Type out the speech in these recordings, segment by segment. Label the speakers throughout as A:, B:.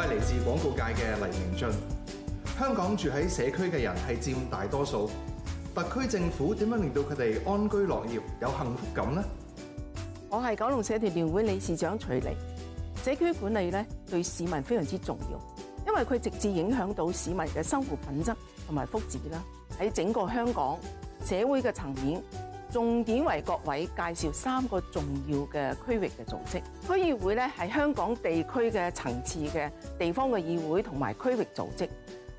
A: 我係嚟自廣告界嘅黎名晉。香港住喺社區嘅人係佔大多數，特區政府點樣令到佢哋安居樂業、有幸福感呢？我係九龍社團聯會理事長徐莉。社區管理咧，對市民非常之重要，因為佢直接影響到市民嘅生活品質同埋福祉啦。喺整個香港社會嘅層面，重點為各位介紹三個重要嘅區域嘅組織。區議會咧係香港地區嘅層次嘅地方嘅議會同埋區域組織。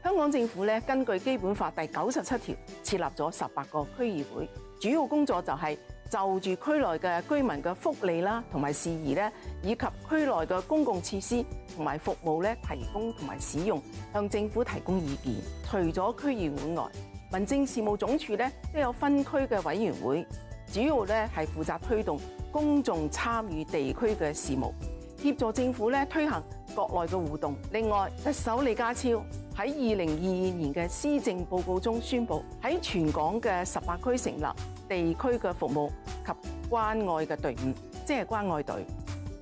A: 香港政府咧根據基本法第九十七條設立咗十八個區議會，主要工作就係就住區內嘅居民嘅福利啦，同埋事宜咧，以及區內嘅公共設施同埋服務咧，提供同埋使用，向政府提供意見。除咗區議會外，民政事務總署咧都有分區嘅委員會，主要咧係負責推動公眾參與地區嘅事務，協助政府咧推行國內嘅互動。另外，特首李家超喺二零二二年嘅施政報告中宣布，喺全港嘅十八區成立地區嘅服務及關愛嘅隊伍，即係關愛隊，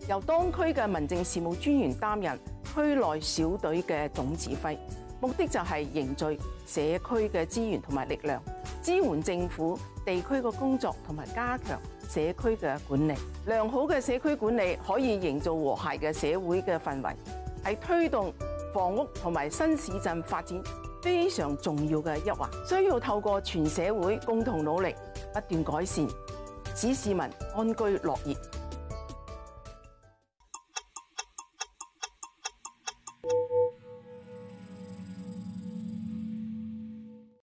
A: 由當區嘅民政事務專員擔任區內小隊嘅總指揮。目的就係凝聚社區嘅資源同埋力量，支援政府地區嘅工作，同埋加強社區嘅管理。良好嘅社區管理可以營造和諧嘅社會嘅氛圍，係推動房屋同埋新市鎮發展非常重要嘅一環，需要透過全社會共同努力，不斷改善，使市民安居樂業。